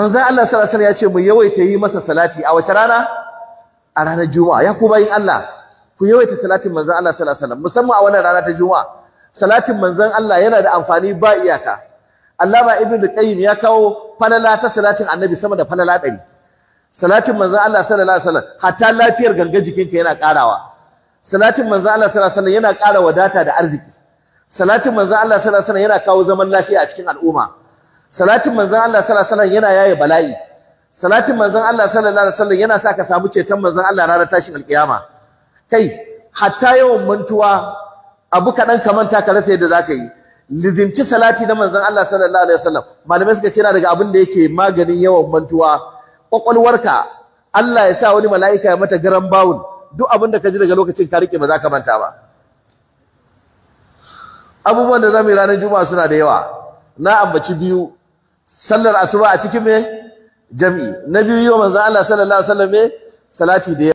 manzo Allah sallallahu alaihi ya ce mu yawaita yi masa salati a wace rana a ranar juma'a ya ku bayin Allah ku yawaita salatin manzo Allah sallallahu alaihi musamman a wannan rana ta juma'a salatin manzon Allah yana da amfani ba iyaka Allama Ibn Qayyim ya kawo falala ta salatin Annabi sama da falala ɗari salatin manzon Allah sallallahu alaihi wasallam hatta lafiyar gangan jikinka yana karawa salatin manzon Allah sallallahu alaihi wasallam yana kara wadata da arziki salatin manzon Allah sallallahu alaihi wasallam yana kawo zaman lafiya a cikin al'umma salatin manzon Allah sallallahu alaihi wasallam yana yaye bala'i salatin manzon Allah sallallahu alaihi wasallam yana sa ka samu ceton manzon Allah ranar tashin alkiyama kai hatta yawan mantuwa abu kaɗan ka manta ka rasa yadda zaka yi lizimci salati na manzon Allah sallallahu alaihi wasallam malamai suka ce yana daga abin da yake maganin yawan mantuwa kwakwalwarka Allah ya sa wani mala'ika ya mata garan bawul duk abin da ka ji daga lokacin ka rike ba za ka manta ba abubuwan da zamu yi ranar juma'a suna da yawa na ambaci biyu sallar asuba a cikin me jami'i. na biyu yau manzo Allah sallallahu alaihi wasallam salati da